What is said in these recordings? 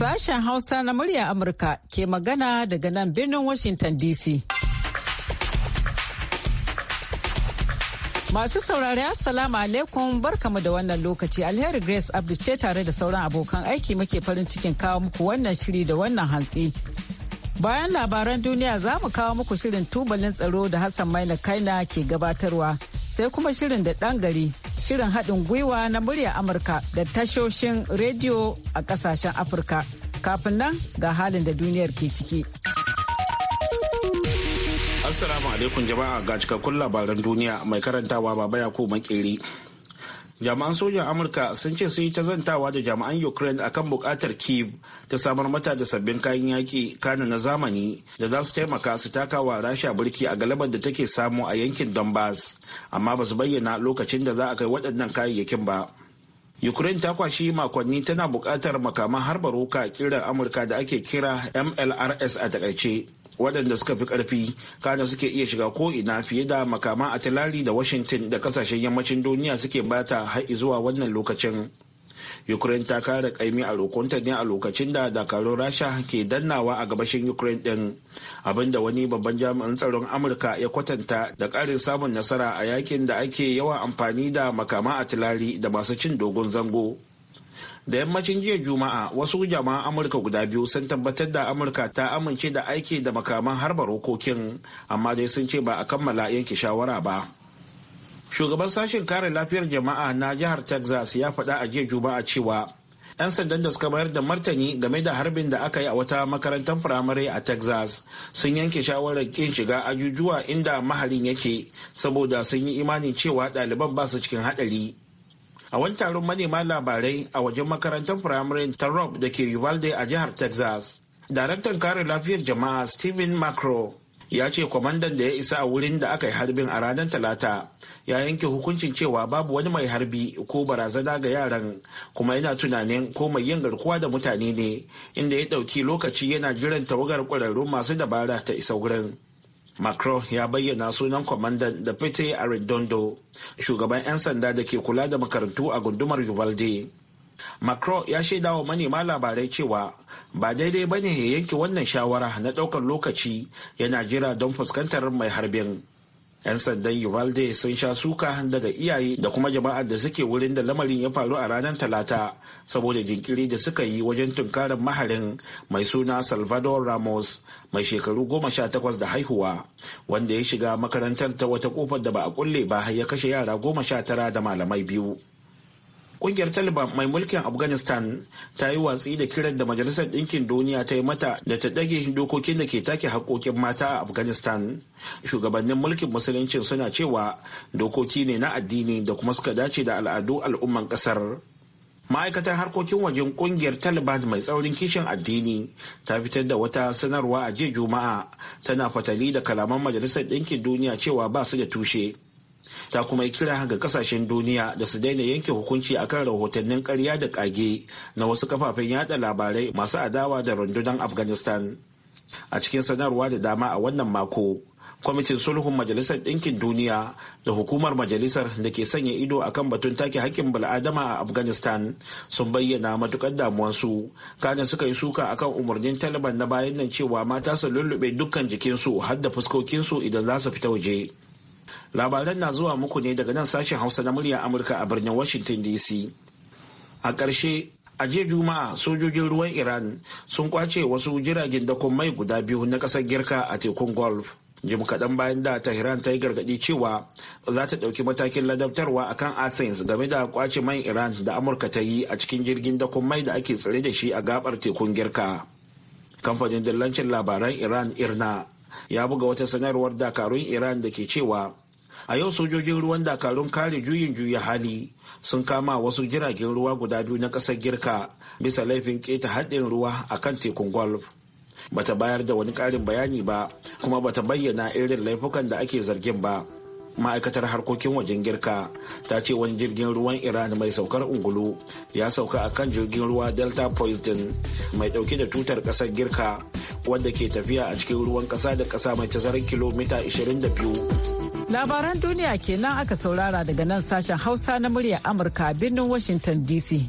Sashen Hausa na murya Amurka ke magana daga nan birnin Washington DC. Masu saurari Assalamu alaikum barkamu da wannan lokaci alheri Grace Abdu ce tare da sauran abokan aiki muke farin cikin kawo muku wannan shiri da wannan hantsi. Bayan labaran duniya za mu kawo muku shirin tubalin tsaro da Hassan Maina Kaina ke gabatarwa sai kuma shirin da ɗan gari shirin haɗin gwiwa na murya Amurka da tashoshin rediyo a ƙasashen Afirka. Kafin nan ga halin da duniyar ke ciki. Assalamu alaikum jama'a ga cikakkun labaran duniya mai karantawa baba Yakubu Makeri. jami'an sojan amurka sun ce sun yi ta zantawa da jami'an ukraine akan bukatar kiev ta samar mata da sabbin kayan yaki kana na zamani da za su taimaka su taka wa rasha burki a galabar da take samu a yankin donbass amma ba su bayyana lokacin da za a kai waɗannan kayayyakin ba ukraine ta kwashi makonni tana bukatar makaman harba roka kiran amurka da ake kira mlrs a takaice waɗanda suka fi ƙarfi kana suke iya shiga ko ina fiye da makama a tilari da washington da kasashen yammacin duniya suke bata har zuwa wannan lokacin ukraine ta kara kaimi a rokonta ne a lokacin da dakarun rasha ke dannawa a gabashin ukraine din abinda wani babban jami'in tsaron amurka ya kwatanta da karin samun nasara a yakin da ake yawan amfani da makama a tilari da masu cin dogon zango da yammacin jiya juma'a wasu jama'an amurka guda biyu sun tabbatar da amurka ta amince da aiki da makaman harbar hukokin amma dai sun ce ba a kammala yanke shawara ba shugaban sashen kare lafiyar jama'a na jihar texas ya faɗa a jiya juma'a cewa 'yan sandan da suka mayar da martani game da harbin da aka yi a wata makarantar firamare a texas sun yanke shawarar kin shiga ajujuwa inda mahalin yake saboda sun yi imanin cewa ɗaliban ba su cikin haɗari a wani taron manema labarai a wajen makarantar firamare ta rob da ke uvalde a jihar texas daraktan kare lafiyar jama'a stephen macro ya ce kwamandan da ya isa a wurin da aka yi harbin a ranar talata ya yanke hukuncin cewa babu wani mai harbi ko barazana ga yaran kuma yana tunanin ko mai yin garkuwa da mutane ne inda ya ɗauki lokaci yana jiran tawagar ƙwararrun masu dabara ta isa wurin macron ya bayyana sunan kwamandan da fite a redondo shugaban 'yan sanda da ke kula da makarantu a gundumar uvalde macron ya shaida wa manema labarai cewa ba daidai ba ne ya yanke wannan shawara na ɗaukar lokaci yana jira don fuskantar mai harbin 'yan sandan uvalde sun sha suka daga iyaye da kuma jama'ar da suke wurin da lamarin ya faru a ranar talata saboda jinkiri da suka yi wajen tunkarar maharin mai suna salvador ramos mai shekaru goma sha takwas da haihuwa wanda ya shiga makarantar ta wata kofar da ba a kulle ba ya kashe yara goma sha tara da malamai biyu Kungiyar Taliban mai mulkin Afghanistan ta yi watsi da kiran da Majalisar Ɗinkin Duniya ta yi mata da ta ɗage dokokin da ke take haƙoƙin mata a Afghanistan. Shugabannin mulkin musuluncin suna cewa dokoki ne na addini da kuma suka dace da al'adu al'umman ƙasar. ma'aikatar harkokin wajen kungiyar taliban mai tsaurin kishin addini ta fitar da wata sanarwa a jiya juma'a tana fatali da kalaman majalisar ɗinkin duniya cewa ba su da tushe ta kuma yi kira ga kasashen duniya da su daina yanke hukunci akan rahotannin karya da kage na wasu kafafen yada labarai masu adawa da rundunar afghanistan a cikin sanarwa da dama a wannan mako kwamitin sulhun majalisar ɗinkin duniya da hukumar majalisar da ke sanya ido a kan batun take hakkin bal'adama a afghanistan sun bayyana matukar damuwansu kanin suka yi suka akan umarnin taliban na bayan nan cewa mata su lullube dukkan jikinsu har da fuskokinsu idan za su fita waje Labaran na zuwa muku ne daga nan sashen Hausa na murya Amurka a birnin Washington DC. A ƙarshe, a jiya Juma'a sojojin ruwan Iran sun kwace wasu jiragen dakon mai guda biyu na ƙasar Girka a tekun golf jim kaɗan bayan da tehran ta yi gargaɗi cewa za ta ɗauki matakin ladabtarwa a kan athens game da kwace man iran da amurka ta yi a cikin jirgin dakon mai da ake tsare da shi a gabar tekun girka kamfanin dillancin labaran iran irna ya buga wata sanarwar dakarun iran da ke cewa a yau sojojin ruwan dakarun kare juyin juya hali sun kama wasu jiragen ruwa guda biyu na ƙasar girka bisa laifin keta haɗin ruwa a kan tekun golf bata bayar da wani ƙarin bayani ba kuma bata bayyana irin laifukan da ake zargin ba ma'aikatar harkokin wajen girka ta ce wani jirgin ruwan iran mai saukar ungulu ya sauka a kan jirgin ruwa delta poison mai dauke da tutar kasar girka wadda ke tafiya a cikin ruwan kasa da kasa mai tazarar kilomita 22 labaran duniya kenan aka saurara daga nan sashen hausa na murya amurka birnin washington dc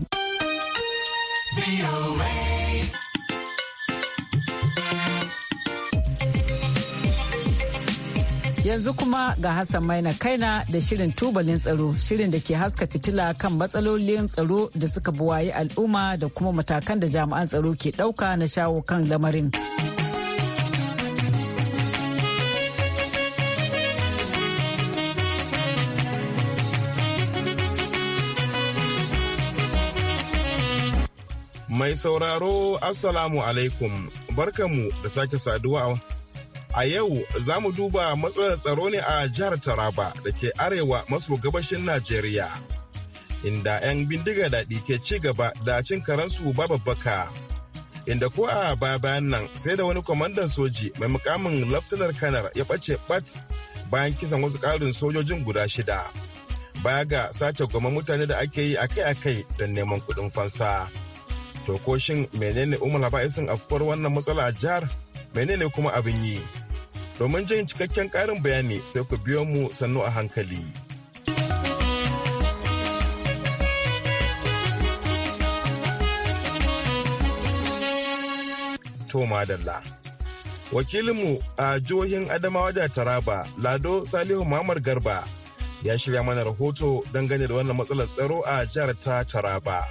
Yanzu kuma ga Hassan Maina Kaina da shirin tubalin tsaro, shirin da ke haska fitila kan matsalolin tsaro da suka buwayi al'umma da kuma matakan da jami'an tsaro ke ɗauka na shawo kan lamarin. Mai sauraro, Assalamu alaikum, barkamu da sake saduwa A yau za mu duba matsalar tsaro ne a jihar Taraba da ke arewa maso gabashin Najeriya. Inda 'yan bindiga daɗi ke ci gaba da cin karansu ba babbaka. Inda ko a baya bayan nan sai da wani kwamandan soji mai mukamin lafsunar kanar ya ɓace ɓat bayan kisan wasu ƙarin sojojin guda shida. Baya ga sace goma mutane da ake yi akai-akai don neman kuɗin fansa. To shin menene umar laba'isin afkuwar wannan matsala a jihar? menene kuma abin yi? Domin jin cikakken ƙarin bayani sai ku biyo mu sannu a hankali. Toma Wakilinmu a jihohin Adamawa da Taraba, Lado Salihu Mamar Garba, ya shirya mana rahoto dangane da wannan matsalar tsaro a jihar ta Taraba.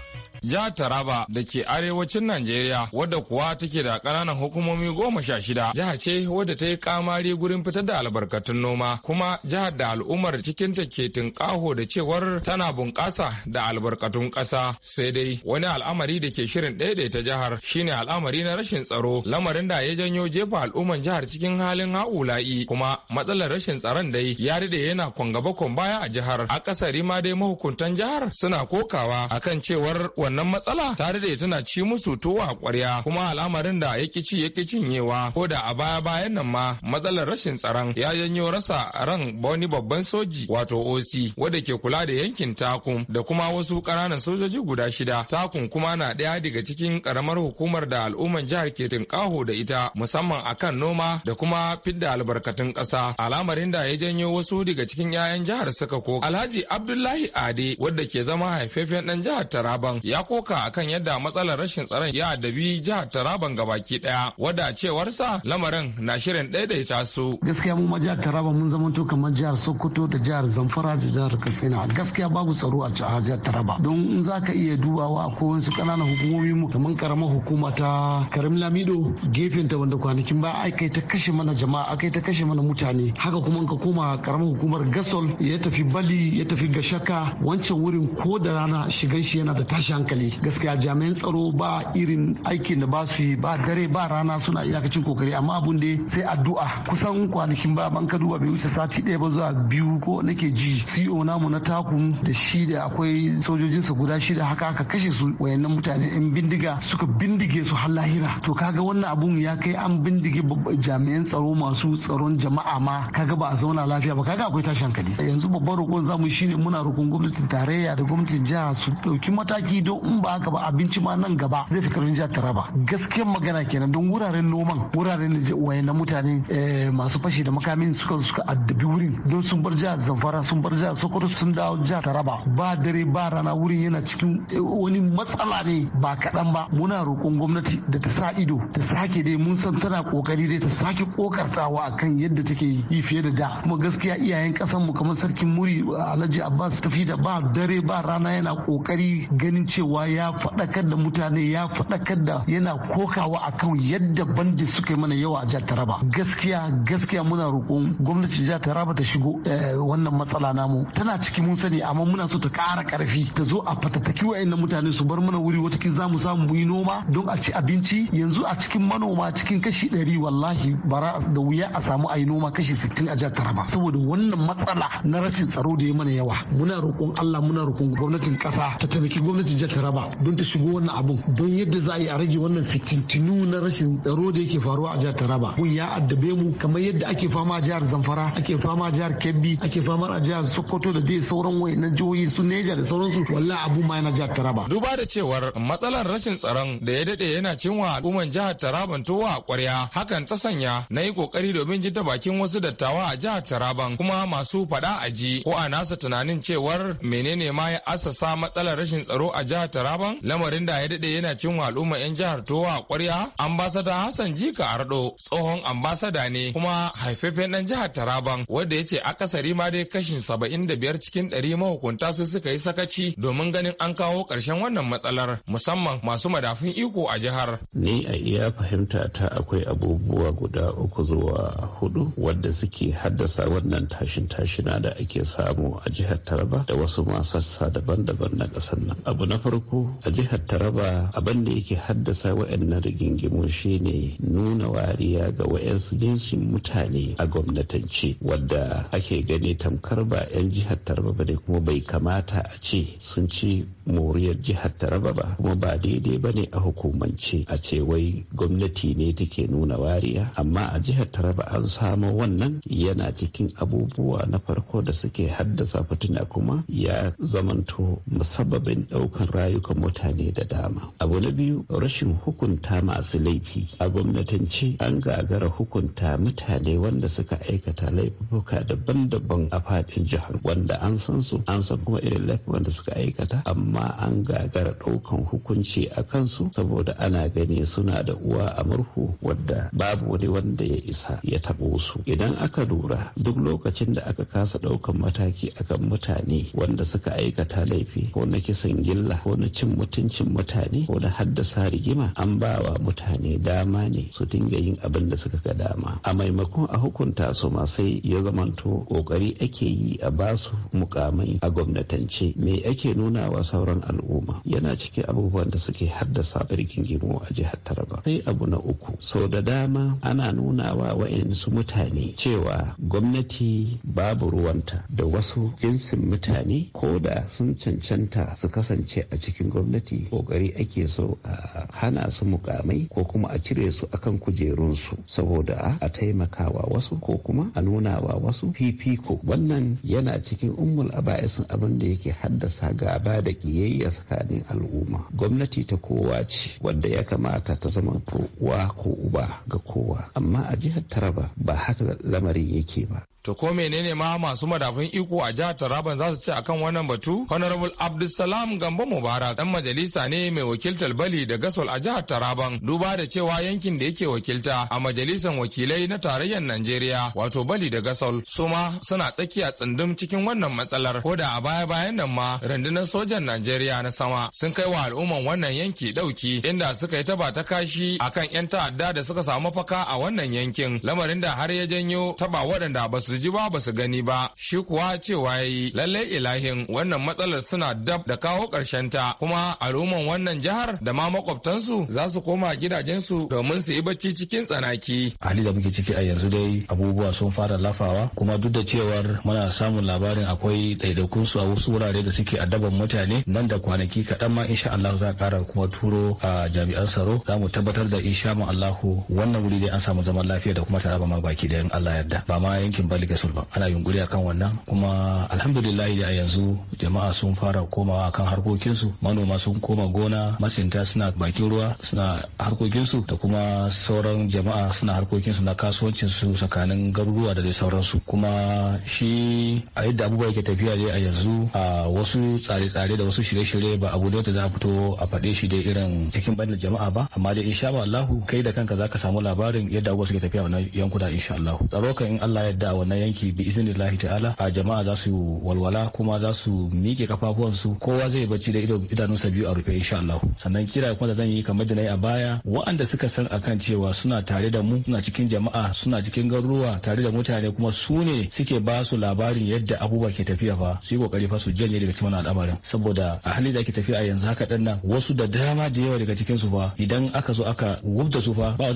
jihar Taraba da ke arewacin Najeriya wadda kuwa take da ƙananan hukumomi goma sha shida jiha ce wadda ta yi kamari gurin fitar da albarkatun noma kuma jihar da al'ummar cikinta ke tunƙaho da cewar tana bunƙasa da albarkatun ƙasa sai dai wani al'amari da ke shirin ɗaiɗaita jihar shine al'amari na rashin tsaro lamarin da ya janyo jefa al'umman jihar cikin halin ha'ula'i kuma matsalar rashin tsaron dai ya daɗe yana kwangaba baya a jihar a ƙasari ma dai mahukuntan jihar suna kokawa akan cewar wannan matsala tare da tana ci musu tuwo a ƙwarya kuma al'amarin da ya ci ya cinyewa ko da a baya bayan nan ma matsalar rashin tsaron ya janyo rasa ran wani babban soji wato OC wanda ke kula da yankin Takum da kuma wasu ƙananan sojoji guda shida Takum kuma na ɗaya daga cikin ƙaramar hukumar da al'umman jihar ke tunƙaho da ita musamman akan noma da kuma fidda albarkatun ƙasa al'amarin da ya janyo wasu daga cikin 'ya'yan jihar suka ko Alhaji Abdullahi Ade wanda ke zama haifafen ɗan jihar Taraban ya ya koka akan yadda matsalar rashin tsaron ya adabi jihar Taraban gabaki daya wadda cewarsa lamarin na shirin daidaita su. Gaskiya mu jihar Taraba mun zama to kamar jihar Sokoto da jihar Zamfara da jihar Katsina. Gaskiya babu tsaro a jihar Taraba. Don in zaka iya dubawa akwai wasu kananan hukumomi mu kamar karamar hukuma ta Karim Lamido gefen ta wanda kwanakin ba ai kai ta kashe mana jama'a kai ta kashe mana mutane. Haka kuma ka koma karamar hukumar Gasol ya tafi Bali ya tafi Gashaka wancan wurin ko da rana shigan shi yana da tashi hankali gaskiya jami'an tsaro ba irin aikin da ba su yi ba dare ba rana suna iyakacin kokari amma abun da sai addu'a kusan kwanakin ba ban ka duba bai wuce sati ɗaya ba zuwa biyu ko nake ji CEO namu na takun da shi da akwai sojojin guda guda shida haka aka kashe su wayannan mutane in bindiga suka bindige su har lahira to kaga wannan abun ya kai an bindige jami'an tsaro masu tsaron jama'a ma kaga ba a zauna lafiya ba kaga akwai tashin hankali yanzu babban roƙon zamu shine muna roƙon gwamnatin tarayya da gwamnatin jiha su ɗauki mataki don in ba haka ba abinci ma nan gaba zai fi karfin jihar taraba gaskiyar magana kenan don wuraren noman wuraren na mutane eh, masu fashi da makamin suka suka addabi wurin don sun bar jihar zamfara sun bar jihar sokoto sun dawo jihar taraba ba dare ba rana wurin yana cikin eh, wani matsala ne ba kaɗan ba muna roƙon gwamnati da ta sa ido ta sake dai mun san tana kokari dai ta sake kokartawa akan yadda take yi fiye da da kuma gaskiya iyayen kasan mu kamar sarkin muri alhaji abbas tafi da ba dare ba rana yana kokari ganin cewa cewa ya faɗakar da mutane ya faɗakar da yana kokawa a kan yadda bandi suka yi mana yawa a jihar Taraba gaskiya gaskiya muna roƙon gwamnatin jihar Taraba ta shigo eh, wannan matsala namu tana ciki mun sani amma muna so ta ƙara ƙarfi ta zo a fatattaki wa'annan mutane su bar mana wuri wata za mu samu mu yi noma don a ci abinci yanzu a cikin manoma cikin kashi ɗari wallahi bara da wuya a samu a yi noma kashi sittin a jihar Taraba saboda wannan matsala na rashin tsaro da ya mana yawa muna roƙon Allah muna roƙon gwamnatin ƙasa ta taimaki gwamnatin jihar ta raba don ta shigo wannan abun don yadda za a yi a rage wannan fitintinu na rashin tsaro da yake faruwa a jihar Taraba kun ya addabe mu kamar yadda ake fama a jihar Zamfara ake fama a jihar Kebbi ake fama a jihar Sokoto da dai sauran wayannan jihohi su Neja da sauransu wallahi abun ma yana jihar Taraba duba da cewar matsalar rashin tsaron da ya dade yana cinwa al'umman jihar Taraban towa a kwarya hakan ta sanya na yi kokari domin ji ta bakin wasu dattawa a jihar Taraban kuma masu fada a ji ko a nasa tunanin cewar menene ma ya asasa matsalar rashin tsaro a jihar jihar Taraban lamarin da ya dade yana cin al'umma 'yan jihar Towa kwarya ambasada Hassan Jika Ardo tsohon ambasada ne kuma haifaffen ɗan jihar Taraban wanda ya ce akasari ma dai kashin 75 cikin 100 mahukunta su suka yi sakaci domin ganin an kawo ƙarshen wannan matsalar musamman masu madafun iko a jihar. Ni a iya fahimta ta akwai abubuwa guda uku zuwa hudu wadda suke haddasa wannan tashin tashina da ake samu a jihar Taraba da wasu ma daban-daban na ƙasar nan. Abu na farko a jihar taraba abin da yake haddasa wa'annan rigingimu shine nuna wariya ga wa'yansu jinsin mutane a gwamnatance wadda ake gani tamkar ba 'yan jihar taraba ba ne kuma bai kamata a ce sun ci moriyar jihar taraba ba kuma ba daidai ba ne a hukumance a ce wai gwamnati ne take nuna wariya amma a jihar taraba an samo wannan yana cikin abubuwa na farko da suke haddasa fitina kuma ya zamanto musabbabin ɗaukar rayukan mutane da dama abu na biyu rashin hukunta masu laifi a gwamnatance an gagara hukunta mutane wanda suka aikata laifuka daban-daban a fadin jihar wanda an san su an san kuma irin laifukan da suka aikata amma an gagara ɗaukan hukunci a kansu saboda ana gani suna da uwa a murhu wadda babu wani wanda ya isa ya taɓo su idan aka lura duk lokacin da aka kasa ɗaukan mataki akan mutane wanda suka aikata laifi ko na kisan gilla ko na cin mutuncin mutane ko na haddasa rigima an ba wa mutane dama ne su dinga yin abin da suka ga dama a maimakon a hukunta su ma sai ya zamanto kokari ake yi a ba su mukamai a gwamnatance me ake nuna wa sauran al'umma yana cikin abubuwan da suke haddasa rigingimu a jihar taraba sai abu na uku sau da dama ana nuna wa wa'yansu mutane cewa gwamnati babu ruwanta da wasu jinsin mutane ko da sun cancanta su kasance a cikin gwamnati kokari ake so a hana su mukamai ko kuma a cire su akan kujerunsu saboda a taimakawa wasu ko kuma a nunawa wasu fifiko wannan yana cikin ummul aba'isin abin da yake haddasa gaba da kiyayya tsakanin al'umma gwamnati ta kowa ce wanda ya kamata ta zama uwa ko uba ga kowa amma a jihar taraba ba haka lamarin yake ba To ko menene ma masu madafun iko a jihar Taraban za su ce akan wannan batu? Honorable Abdulsalam Gambo Mubarak dan majalisa ne mai wakiltar Bali da Gasol a jihar Taraban duba da cewa yankin da yake wakilta a majalisar wakilai na tarayyar Najeriya wato Bali da Gasol su ma suna tsakiya tsundum cikin wannan matsalar ko da a baya bayan nan ma rundunar sojan Najeriya na sama sun kai wa al'umman wannan yanki dauki inda suka yi taba ta kashi akan 'yan ta'adda da suka samu faka a wannan yankin lamarin da har ya janyo taba waɗanda ba su ji ba ba su gani ba shi kuwa cewa yi lallai ilahin wannan matsalar suna dab da kawo karshen ta kuma al'umman wannan jihar da ma makwabtansu za su koma gidajensu domin su yi bacci cikin tsanaki. hali da muke ciki a yanzu dai abubuwa sun fara lafawa kuma duk da cewar muna samun labarin akwai ɗaiɗaikun su a wasu wurare da suke addaban mutane nan da kwanaki kaɗan ma insha Allah za a ƙara kuma turo a jami'an tsaro za mu tabbatar da insha Allahu wannan wuri dai an samu zaman lafiya da kuma taraba ma baki da Allah yarda ba ma yankin ba liga sulba ana yunkuri akan wannan kuma alhamdulillah a yanzu jama'a sun fara komawa kan harkokinsu manoma sun koma gona masinta suna bakin ruwa suna harkokinsu da kuma sauran jama'a suna harkokinsu na kasuwancinsu tsakanin garuruwa da dai sauransu kuma shi a yadda abubuwa yake tafiya dai a yanzu a wasu tsare-tsare da wasu shirye-shirye ba abu da za a fito a faɗe shi dai irin cikin bandar jama'a ba amma dai insha Allahu kai da kanka zaka samu labarin yadda abubuwa suke tafiya wannan yankuna insha Allahu tsaro kan in Allah yadda a wannan yanki bi lahi ta'ala a jama'a za su walwala kuma za su miƙe kafafuwansu kowa zai bacci da idanunsa biyu a rufe insha Allah sannan kira kuma da zan yi kamar da na yi a baya waɗanda suka san akan cewa suna tare da mu suna cikin jama'a suna cikin garuruwa tare da mutane kuma su ne suke ba su labarin yadda abubuwa ke tafiya fa su yi kokari fa su janye daga cikin al'amarin saboda a halin da ake tafiya a yanzu haka dan wasu da dama da yawa daga cikin su fa idan aka zo aka gubda su fa ba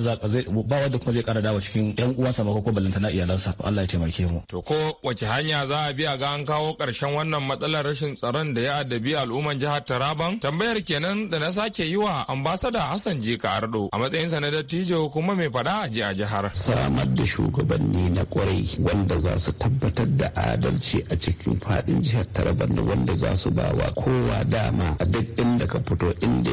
wanda kuma zai kara dawa cikin yan uwansa ma ko ballantana iyalansa Allah ya taimake mu. To ko wace hanya za a biya a ga an kawo ƙarshen wannan matsalar rashin tsaron da ya addabi al'umman jihar Taraban? Tambayar kenan da na sake yi wa ambasada Hassan Jika Ardo a matsayin sa na dattijo kuma mai faɗa a ji a jihar. Samar da shugabanni na kwarai wanda za su tabbatar da adalci a cikin faɗin jihar Taraban da wanda za su ba wa kowa dama a duk inda ka fito inda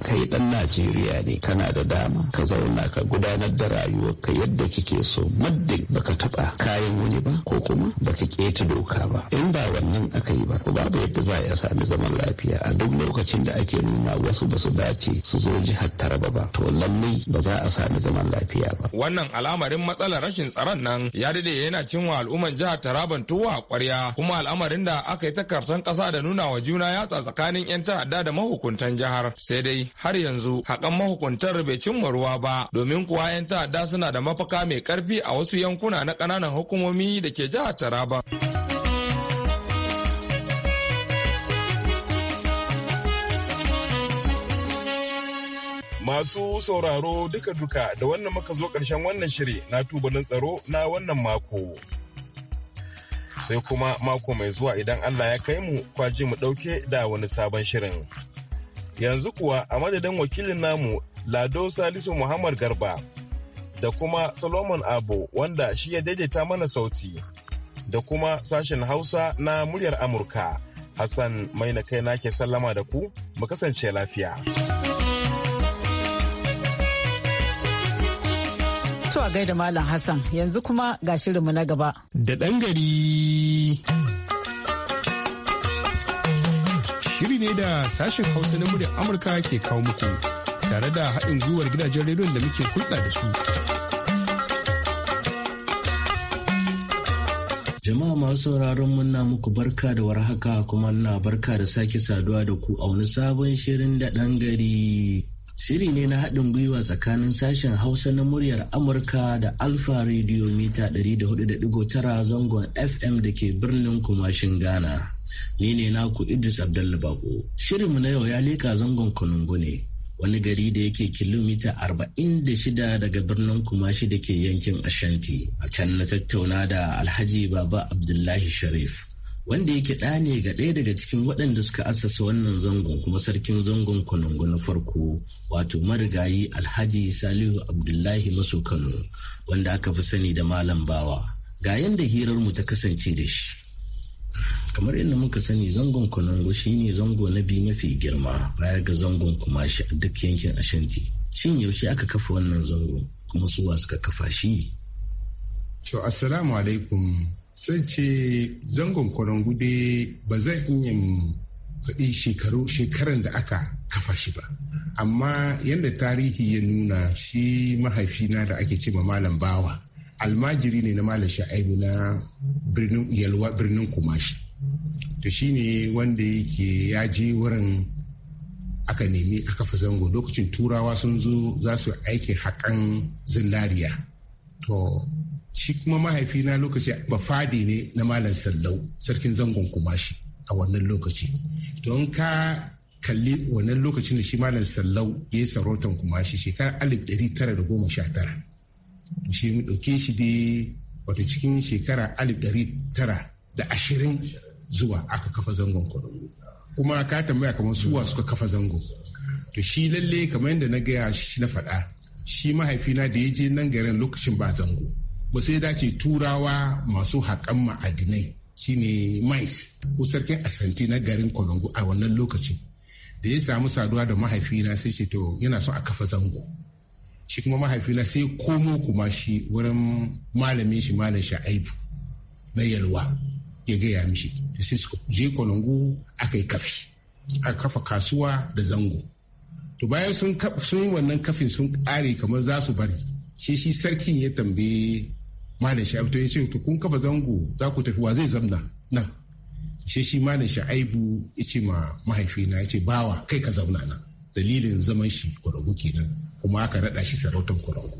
kai ɗan Najeriya ne kana da dama ka zauna ka gudanar da rayuwarka yadda kike so muddin baka taɓa ka kayan wani ba ko kuma baka keta doka ba in ba wannan aka yi ba ko babu yadda za a sami zaman lafiya a duk lokacin da ake nuna wasu ba su dace su zo jihar taraba ba to lallai ba za a sami zaman lafiya ba wannan al'amarin matsalar rashin tsaron nan ya dade yana cinwa al'umman jihar taraban tuwa kwarya kuma al'amarin da aka yi ta ƙasa kasa da nuna wa juna yatsa tsakanin yan ta'adda da mahukuntan jihar sai dai har yanzu hakan mahukuntar bai cimma ruwa ba domin kuwa yan ta'adda suna da mafaka mai karfi a wasu yankuna na ƙananan hukuma. hukumomi da ke jihar Taraba. Masu sauraro duka-duka da wannan muka zo ƙarshen wannan shiri na tubalin tsaro na wannan mako. Sai kuma mako mai zuwa idan Allah ya kai mu kwaji mu ɗauke da wani sabon shirin. Yanzu kuwa a madadin wakilin namu Lado Salisu Muhammad Garba. da kuma Solomon Abo wanda shi ya daidaita mana sauti da kuma sashen Hausa na muryar Amurka. Hassan mai na kai nake sallama da ku, mu kasance lafiya. Tuwa a gaida Malam Hassan yanzu kuma ga shirinmu na gaba. Da ɗan gari. Shiri ne da sashen Hausa na muryar Amurka ke kawo muku. tare da haɗin gwiwar gidajen rediyon da muke hulɗa da su. Jama'a masu sauraron muna muku barka da warhaka kuma na barka da sake saduwa da ku a wani sabon shirin da ɗan gari. Shiri ne na haɗin gwiwa tsakanin sashen Hausa na muryar Amurka da Alfa Radio mita 104.9 zangon FM da ke birnin Kumashin Ghana. Ni ne naku Idris Abdullahi Bako. Shirinmu na yau ya leka zangon kunungu ne. wani gari da yake kilomita 46 daga birnin kumashi da ke yankin ashanti a can na tattauna da alhaji baba abdullahi sharif wanda yake ɗa ne ga ɗaya daga cikin waɗanda suka asasa wannan zangon kuma sarkin zangon kanungu na farko wato marigayi alhaji salihu abdullahi maso kano wanda aka fi sani da malam bawa ga yadda hirarmu ta kasance da shi kamar yadda muka sani zangon shi shine zango na biyu mafi girma baya ga zangon kumashi a duk yankin ashanti shin yaushe aka kafa wannan zango kuma suwa suka kafa shi to assalamu alaikum sai ce zangon konongo dai ba zan iya faɗi shekaru shekaran da aka kafa shi ba amma yadda tarihi ya nuna shi mahaifina da ake ce malam bawa almajiri ne na malam sha'ibu na yalwa birnin kumashi to ne wanda yake ya je wurin aka nemi aka fi zango lokacin turawa sun zo za su aiki haƙan zinariya to shi kuma mahaifina lokaci bafadi ne na malam sallau sarkin zangon kumashi a wannan lokaci don ka kalli wannan lokacin da shi malam sallau ya yi sarautan kumashi shekarar alif da goma sha tara shi mu ɗauke shi dai wata cikin shekara alif ɗari tara da ashirin zuwa aka kafa zangon kwarongo kuma ka tambaya kamar suwa suka kafa zango to shi lalle kamar yadda na gaya shi na faɗa shi mahaifina da ya je nan garin lokacin ba zango ba sai dace turawa masu haƙan ma'adinai shine mais ko sarkin asanti na garin kwarongo a wannan lokacin da ya samu saduwa da mahaifina sai ce to yana son a kafa zango shi kuma mahaifina sai komo kuma shi wurin malamin shi malam sha'aibu na yalwa ya gaya mishi sai su je kwanangu aka yi kafi aka kafa kasuwa da zango to bayan sun yi wannan kafin sun kare kamar za su bari shi shi sarkin ya tambaye malam sha'ib to ya ce to kun kafa zango za ku tafi wa zai zamna nan shi shi malam sha'aibu ya ce ma mahaifina ya ce bawa kai ka zauna nan dalilin zaman shi kwarago kenan kuma aka raɗa shi sarautar kwarago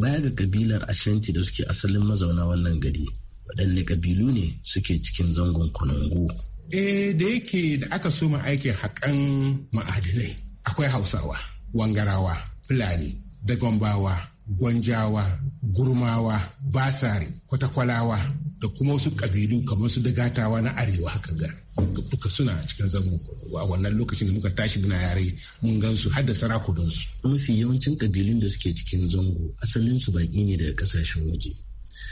baya ga kabilar ashanti da suke asalin mazauna wannan gari waɗanne ƙabilu ne suke cikin zangon kunungu. Eh da yake da aka so mu aiki haƙan ma'adinai akwai Hausawa, Wangarawa, Fulani, Dagombawa, Gwanjawa, Gurmawa, Basari, Kwatakwalawa da kuma wasu ƙabilu kamar su dagatawa na arewa haka ga duka suna cikin zango a wannan lokacin da muka tashi muna yare mun gan su har da su. Mafi yawancin ƙabilun da suke cikin zango asalin su baƙi ne daga ƙasashen waje.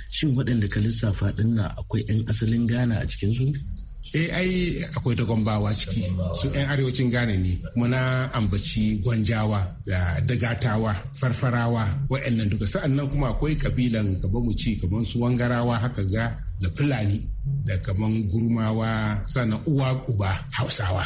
shin waɗanda ka lissafa ɗin na akwai 'yan asalin ghana a cikinsu eh ai akwai da gwambawa ciki su 'yan arewacin ghana ne kuma na ambaci gwanjawa da dagatawa farfarawa wa'annan duka sa'annan kuma akwai kabilan gaba mu ci kamar su wangarawa haka ga da fulani da kaman gurmawa sannan uwa uba hausawa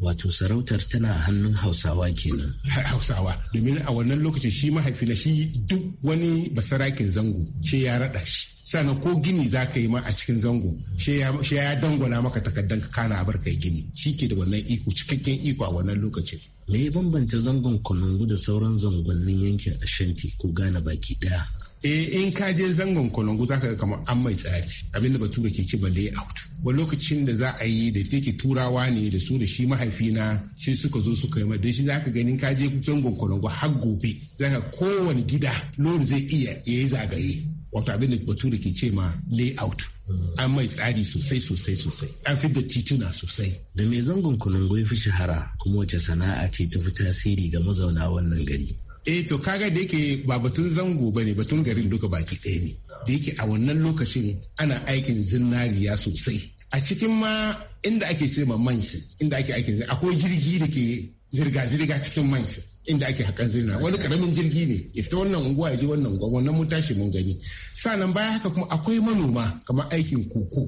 wato sarautar tana hannun hausawa kenan hausawa domin a wannan lokacin shi mahaifi na shi duk wani basarakin zango shi ya raɗa shi sana ko gini za ka yi ma a cikin zango shi ya dangwala maka takardan ka kana abar kai gini shi ke da wannan iko cikakken iko a wannan lokacin me ya bambanta zangon Kolungu da sauran zangonnin yankin Ashanti ko gane baki daya? Eh in ka je zangon Kolungu za ka ga kamar an mai tsari abin da Bature ke ci ba layi-out Wa lokacin da za a yi da take turawa ne da su da shi mahaifina sai suka zo suka yi madashi shi za ka gani ka je zangon Kolungu har gobe za ka kowane gida lori zai iya ya zagaye. wato abin da bature ke ce ma layout hmm. an mai tsari sosai sosai sosai an fi da tituna sosai da me zangon kunun goyi fi shahara kuma wace sana'a ce ta fi tasiri ga mazauna wannan gari eh to kaga da yake ba batun zango bane batun garin duka baki ɗaya ne da yake a wannan lokacin ana aikin zinariya sosai a cikin ma inda ake ce ma mansi inda ake aikin akwai jirgi da ke zirga-zirga cikin mansi inda ake hakan zirna wani karamin jirgi ne ya fita wannan unguwa ya je wannan unguwa wannan mun tashi mun gani sanan baya haka kuma akwai manoma kamar aikin koko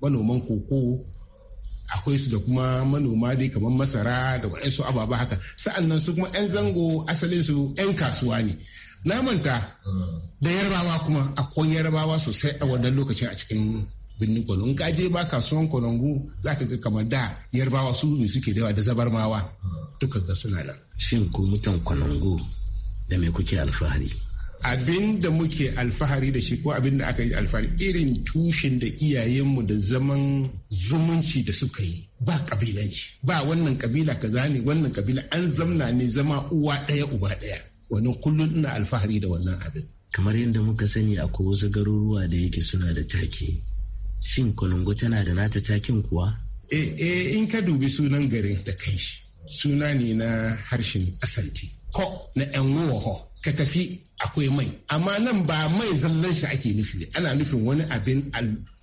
manoman koko akwai su da kuma manoma dai kamar masara da waɗansu ababa haka sa'annan su kuma 'yan zango asalin su 'yan kasuwa ne na manta da yarbawa kuma akwai yarbawa sosai a wannan lokacin a cikin birnin kwano ka je ba kasuwan kwanangu za ka ga kamar da yarbawa su ne suke da yawa da zabarmawa duka da suna nan. Shin ku mutan kwanango da me kuke alfahari? Abin da muke alfahari da shi ko abin da aka yi alfahari irin tushen da iyayenmu da zaman zumunci da suka yi ba kabilanci ba wannan kabila kaza ne wannan kabila an zamna ne zama uwa ɗaya uba ɗaya Wani kullum ina alfahari da wannan abin. Kamar yadda muka sani akwai wasu garuruwa da yake suna da take. Shin Kwanango tana da nata takin kuwa? Eh, eh in ka dubi sunan garin da kanshi suna ne na harshen asanti ko na yan ho ka tafi akwai mai amma nan ba mai zallan shi ake nufi ana nufin wani abin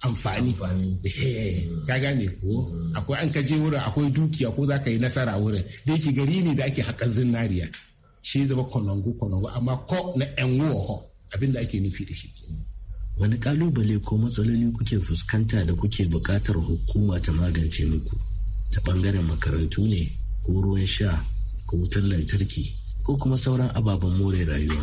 amfani ya eh, gane ko mm. akwai an kaje wurin akwai dukiya ko za ka yi nasara wurin da yake gari ne da ake haƙar zinariya shi zama kwanangu kwanangu amma ko na yan ho abin da ake nufi da shi wani kalubale ko matsaloli kuke fuskanta da kuke buƙatar hukuma ta magance muku ta ɓangaren makarantu ne ko ruwan sha ko wutar lantarki ko kuma sauran ababen more rayuwa.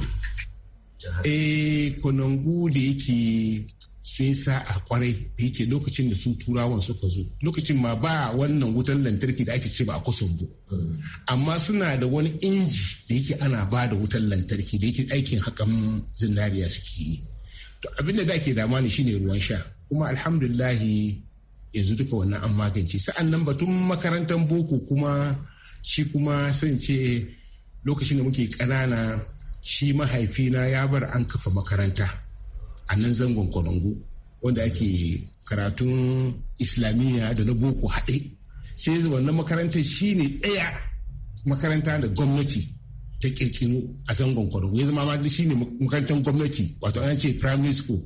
Eh konangu da yake sun sa a kwarai da yake lokacin da su turawan suka zo lokacin ma ba wannan wutar lantarki da ake ce ba a kusan bu amma suna da wani inji da yake ana ba da wutar lantarki da yake aikin hakan zinariya suke yi to abinda da ke dama shine ruwan sha kuma alhamdulillahi yanzu duka wannan an magance sa'an nan batun makarantar boko kuma shi kuma sun ce lokacin da muke ƙanana shi mahaifina ya bar an kafa makaranta a nan zangon kwanango wanda ake karatun islamiyya da na boko haɗe sai wannan makarantar shi ne ɗaya makaranta da gwamnati ta kirkiro a zangon kwanango ya zama ma shi ne makarantar gwamnati wato an ce primary school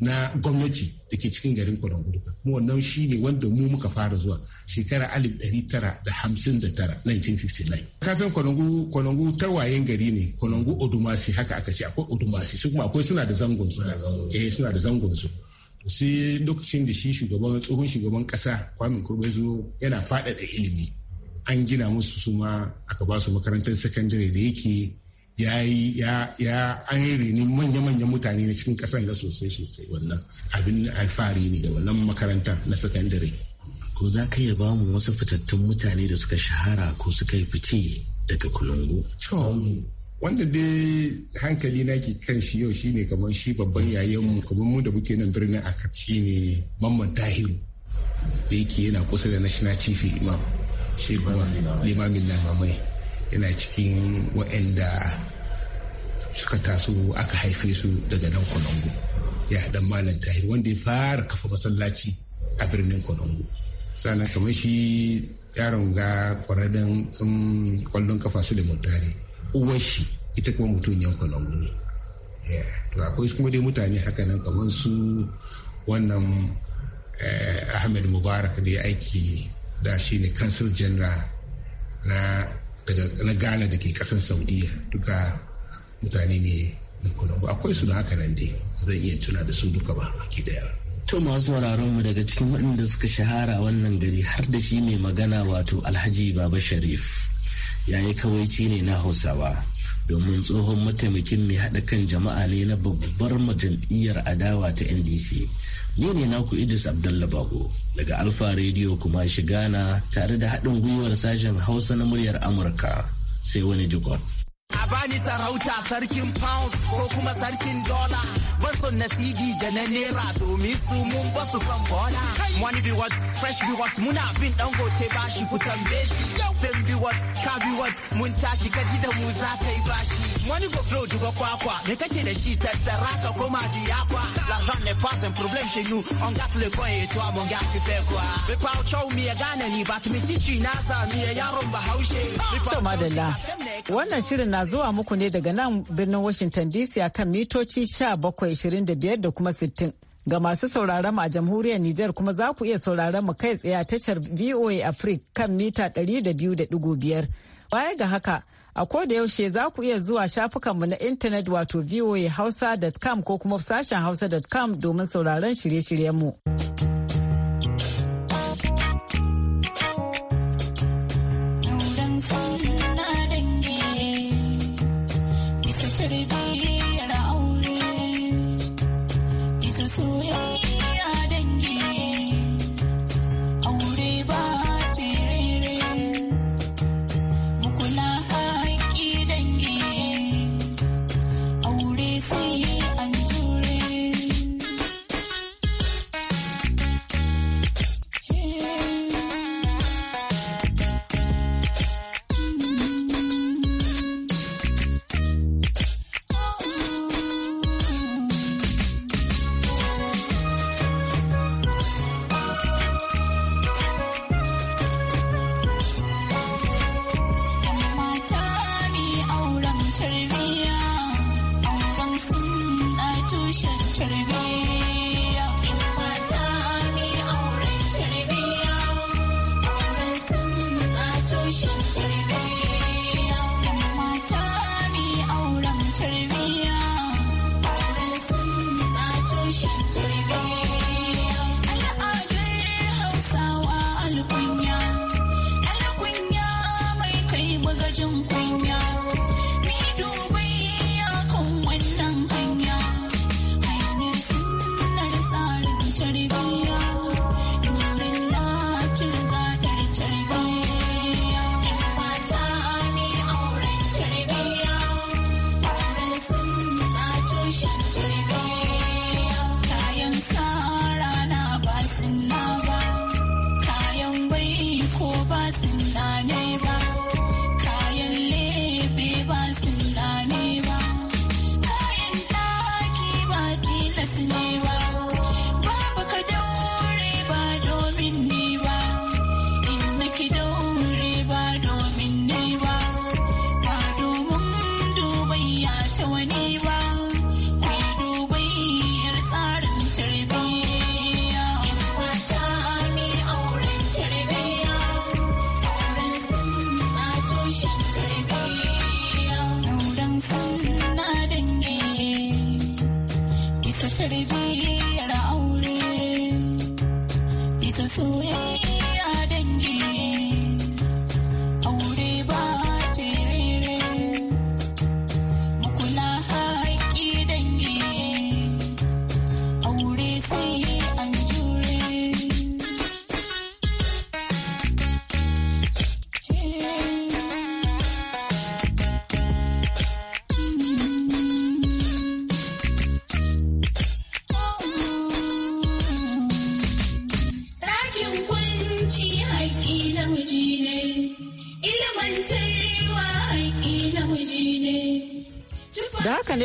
na gwamnati da ke cikin garin kwaron guduka kuma wannan shi ne wanda mu muka fara zuwa shekara 1959 1959 kafin kwanangu kwanangu tawayen gari ne kwanangu odumasi haka aka ce akwai odumasi su kuma akwai suna da zangon su eh suna da zangon su sai lokacin da shi shugaban tsohon shugaban kasa kwamin kurbe zo yana faɗaɗa ilimi an gina musu su ma aka ba su makarantar sakandare da yake ya yi ya an yi rini manya-manyan mutane na cikin kasan ga sosai sosai wannan abin alfahari ne da wannan makaranta na sakandare ko za ka iya ba mu wasu fitattun mutane da suka shahara ko suka yi fice daga kulungu wanda dai hankali na ke kan shi yau shine kamar shi babban mu kamar mu da muke nan birnin Shi shine mamman tahiru da yake yana kusa da national chief imam shi kuma limamin na mamaye. yana cikin wa'anda suka taso aka haife su daga nan kwanango ya dan malam tahir wanda ya fara kafa masallaci a birnin kwanango sannan kamar shi yaron ga kwararren kwallon kafa su da mutane uwar shi ita kuma mutum yan kwanango ne to akwai kuma dai mutane haka nan kamar su wannan eh, ahmed mubarak da ya aiki da shi ne kansil general na na ghana da ke kasan saudiya duka mutane ne na colombo akwai su da haka nan dai zan iya tuna da su duka ba ki daya to masu sauraron mu daga cikin waɗanda suka shahara wannan gari har da shi mai magana wato alhaji baba sharif ya yi kawaici ne na hausawa domin tsohon mataimakin mai haɗa kan jama'a ne na babbar majam'iyyar adawa ta ndc Ni ne naku Idris Abdullah Bago daga Alfa Radio kuma shi Ghana tare da haɗin gwiwar sashen Hausa na muryar Amurka sai wani jikon. A bani sarauta sarkin pounds ko kuma sarkin dola basu na CD da na naira domin su mun basu son bola. mun be what fresh be what muna bin dangote ba bashi ku tambaye shi. Fem be what ka be what mun tashi kaji da mu za ta yi bashi. Wani gofro juba kwakwa, me kake da shi tattara ka koma La L'argent ne pas un problème chez nous, on gâte le coin et toi mon gars tu fais quoi? Me pau chau mi ya gane ni ba tumi tici na sami ya yaron bahaushe. To madalla, wannan shirin na zuwa muku ne daga nan birnin Washington DC a kan mitoci 1725 da kuma 60. Ga masu sauraron mu a jamhuriyar Nijar kuma za ku iya sauraron mu kai tsaye a tashar VOA Africa kan mita 200.5. Baya ga haka, A koda yaushe za ku iya zuwa shafukanmu na intanet wato voahausa.com ko kuma sashen hausa.com domin sauraron shirye-shiryenmu. Turning tarbiyyar